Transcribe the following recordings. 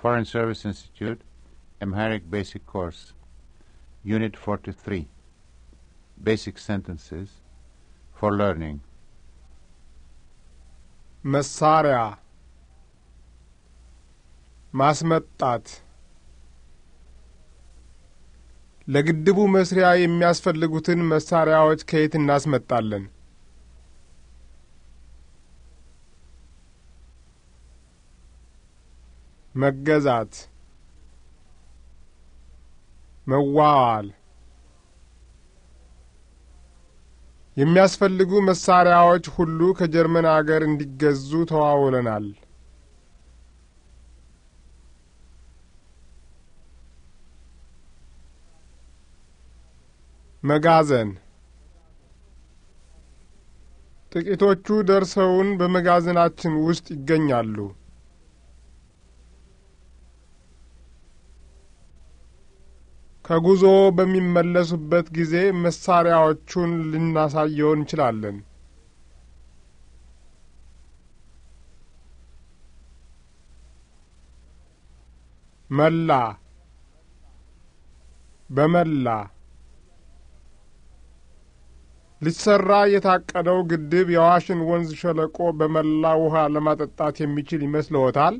Foreign Service Institute, Amharic Basic Course, Unit 43, Basic Sentences for Learning. መሳሪያ ማስመጣት ለግድቡ መስሪያ የሚያስፈልጉትን መሳሪያዎች ከየት እናስመጣለን? መገዛት፣ መዋዋል። የሚያስፈልጉ መሳሪያዎች ሁሉ ከጀርመን አገር እንዲገዙ ተዋውለናል። መጋዘን ጥቂቶቹ ደርሰውን በመጋዘናችን ውስጥ ይገኛሉ። ከጉዞ በሚመለሱበት ጊዜ መሳሪያዎቹን ልናሳየው እንችላለን። መላ በመላ ሊሰራ የታቀደው ግድብ የዋሽን ወንዝ ሸለቆ በመላ ውሃ ለማጠጣት የሚችል ይመስልዎታል?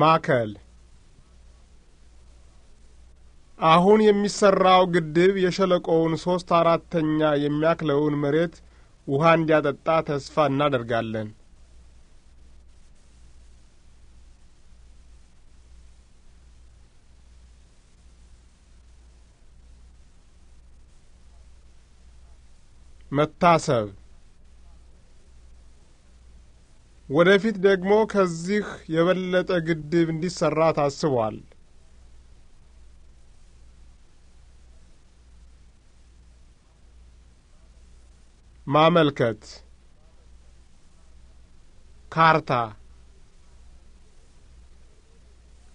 ማከል አሁን የሚሰራው ግድብ የሸለቆውን ሶስት አራተኛ የሚያክለውን መሬት ውሃ እንዲያጠጣ ተስፋ እናደርጋለን። መታሰብ ወደፊት ደግሞ ከዚህ የበለጠ ግድብ እንዲሰራ ታስቧል። ማመልከት ካርታ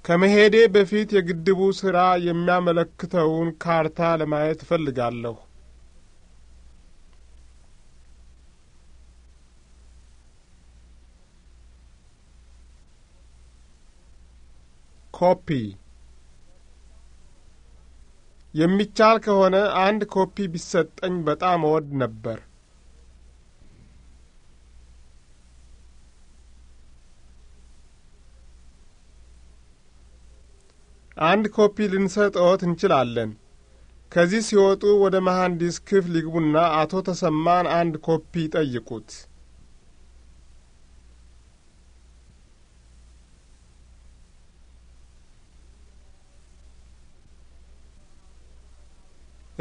ከመሄዴ በፊት የግድቡ ስራ የሚያመለክተውን ካርታ ለማየት እፈልጋለሁ። ኮፒ የሚቻል ከሆነ አንድ ኮፒ ቢሰጠኝ በጣም እወድ ነበር። አንድ ኮፒ ልንሰጥዎት እንችላለን። ከዚህ ሲወጡ ወደ መሐንዲስ ክፍል ይግቡና አቶ ተሰማን አንድ ኮፒ ጠይቁት።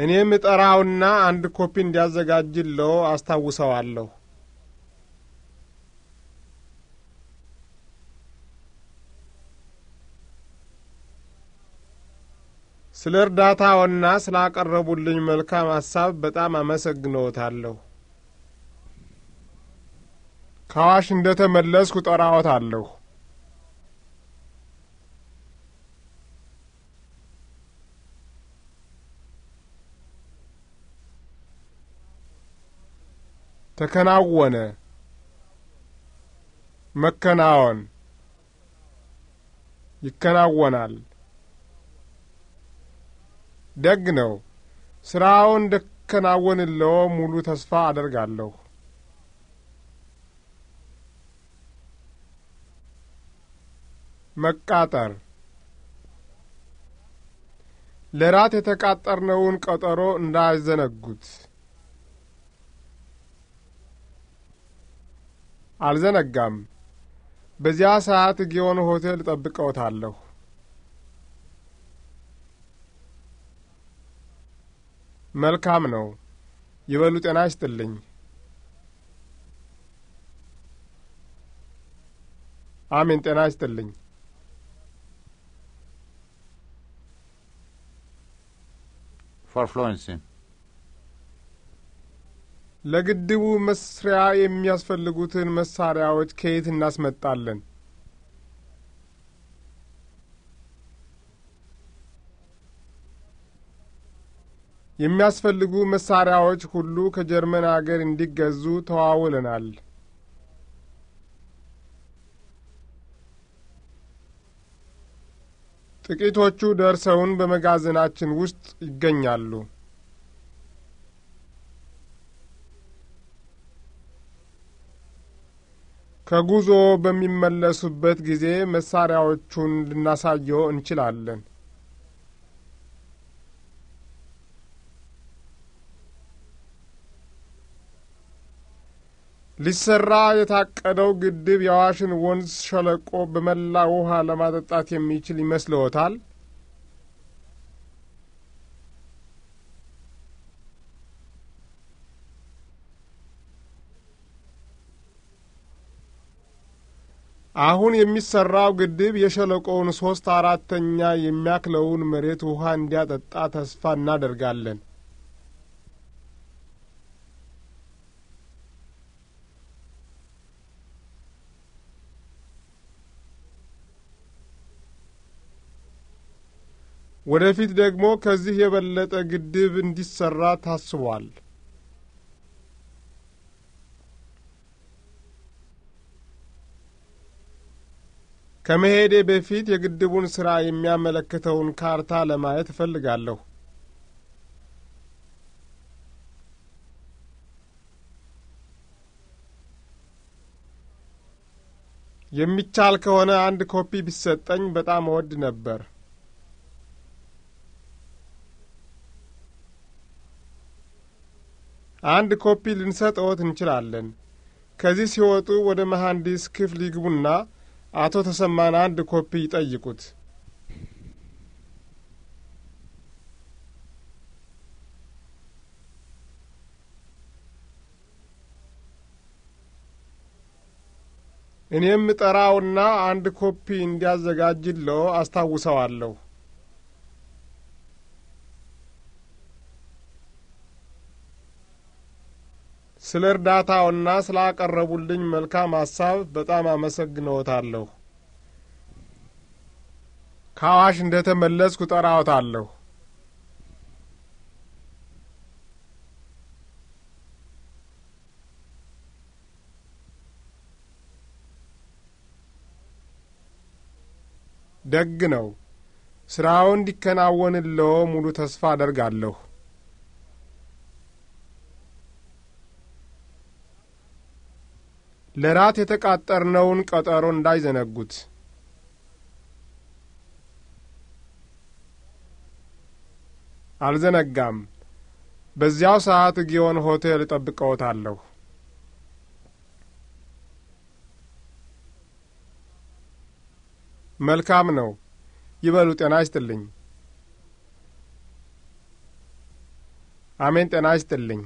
እኔም እጠራውና አንድ ኮፒ እንዲያዘጋጅለው አስታውሰዋለሁ። ስለ እርዳታውና ስላቀረቡልኝ መልካም ሀሳብ በጣም አመሰግነዎታለሁ። ካዋሽ እንደ ተመለስኩ ጠራዎታለሁ። ተከናወነ፣ መከናወን፣ ይከናወናል። ደግ ነው። ስራው እንደከናወንለው ሙሉ ተስፋ አደርጋለሁ። መቃጠር ለራት የተቃጠርነውን ቀጠሮ እንዳይዘነጉት። አልዘነጋም። በዚያ ሰዓት ጊዮን ሆቴል ጠብቀውታለሁ። መልካም ነው። ይበሉ። ጤና ይስጥልኝ። አሜን። ጤና ይስጥልኝ። ፎር ፍሎንሲ ለግድቡ መስሪያ የሚያስፈልጉትን መሳሪያዎች ከየት እናስመጣለን? የሚያስፈልጉ መሳሪያዎች ሁሉ ከጀርመን አገር እንዲገዙ ተዋውለናል። ጥቂቶቹ ደርሰውን በመጋዘናችን ውስጥ ይገኛሉ። ከጉዞ በሚመለሱበት ጊዜ መሳሪያዎቹን ልናሳየው እንችላለን። ሊሰራ የታቀደው ግድብ የዋሽን ወንዝ ሸለቆ በመላ ውሃ ለማጠጣት የሚችል ይመስልዎታል? አሁን የሚሰራው ግድብ የሸለቆውን ሶስት አራተኛ የሚያክለውን መሬት ውሃ እንዲያጠጣ ተስፋ እናደርጋለን። ወደፊት ደግሞ ከዚህ የበለጠ ግድብ እንዲሰራ ታስቧል። ከመሄዴ በፊት የግድቡን ሥራ የሚያመለክተውን ካርታ ለማየት እፈልጋለሁ። የሚቻል ከሆነ አንድ ኮፒ ቢሰጠኝ በጣም እወድ ነበር። አንድ ኮፒ ልንሰጥዎት እንችላለን። ከዚህ ሲወጡ ወደ መሐንዲስ ክፍል ይግቡና አቶ ተሰማን አንድ ኮፒ ይጠይቁት። እኔም ጠራውና አንድ ኮፒ እንዲያዘጋጅለው አስታውሰዋለሁ። ስለ እርዳታውና ስላቀረቡልኝ መልካም ሀሳብ በጣም አመሰግንዎታለሁ። ከአዋሽ እንደ ተመለስኩ ጠራዎታለሁ። ደግ ነው። ስራው እንዲከናወንለው ሙሉ ተስፋ አደርጋለሁ። ለራት የተቃጠርነውን ቀጠሮ እንዳይዘነጉት። አልዘነጋም። በዚያው ሰዓት ጊዮን ሆቴል እጠብቀዎታለሁ። መልካም ነው። ይበሉ። ጤና ይስጥልኝ። አሜን። ጤና ይስጥልኝ።